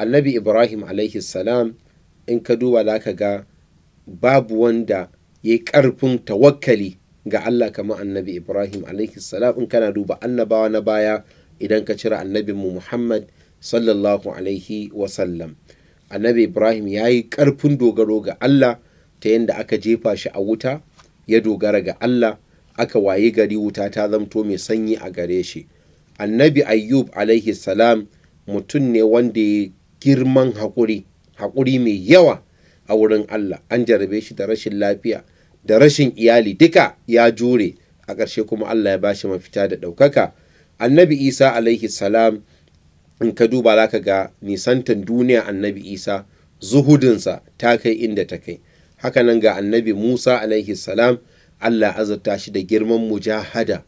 annabi ibrahim alaihi salam in ka duba za ka ga babu wanda ya yi ƙarfin tawakkali ga allah kamar annabi ibrahim alaihi salam in kana duba annabawa na baya idan ka cire annabinmu muhammad sallallahu alaihi wasallam annabi ibrahim ya yi ƙarfin dogaro ga allah ta yadda aka jefa shi a wuta ya dogara ga allah aka wayi gari wuta ta zamto mai sanyi a gare shi annabi ayyub alaihi salam mutum ne wanda ya girman haƙuri haƙuri mai yawa a wurin Allah an jarabe shi da rashin lafiya da rashin iyali duka ya jure a ƙarshe kuma Allah ya ba shi mafita da ɗaukaka annabi isa alaihi salam in ka duba za ka ga nisantan duniya annabi isa zuhudinsa ta kai inda ta kai hakanan ga annabi musa alaihi salam allah azurta shi da girman mujahada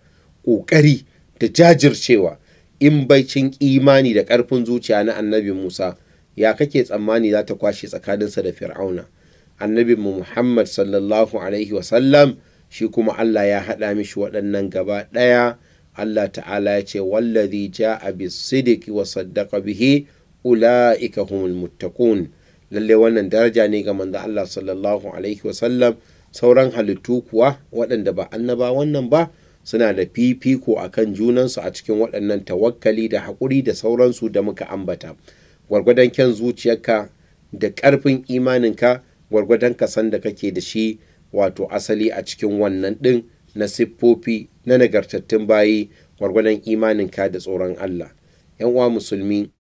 ƙoƙari da jajircewa in baicin imani da ƙarfin zuciya na annabi Musa ya kake tsammani za ta kwashe tsakaninsa da Fir'auna annabi Muhammad sallallahu alaihi wasallam shi kuma Allah ya haɗa mishi waɗannan gaba ɗaya Allah ta'ala ya ce wallazi ja'a bis-sidqi wa saddaqa bihi ula'ika humul muttaqun lalle wannan daraja ne ga manzo Allah sallallahu alaihi wasallam sauran halittu kuwa waɗanda ba annaba wannan ba suna da fifiko a kan junansu a cikin waɗannan tawakkali da haƙuri da sauransu da muka ambata gwargwadon kyan zuciyarka da ƙarfin imaninka gwargwadon kasan da kake da shi wato asali a cikin wannan ɗin na siffofi na nagartattun bayi gwargwadon imaninka da tsoron Allah. 'Yan uwa musulmi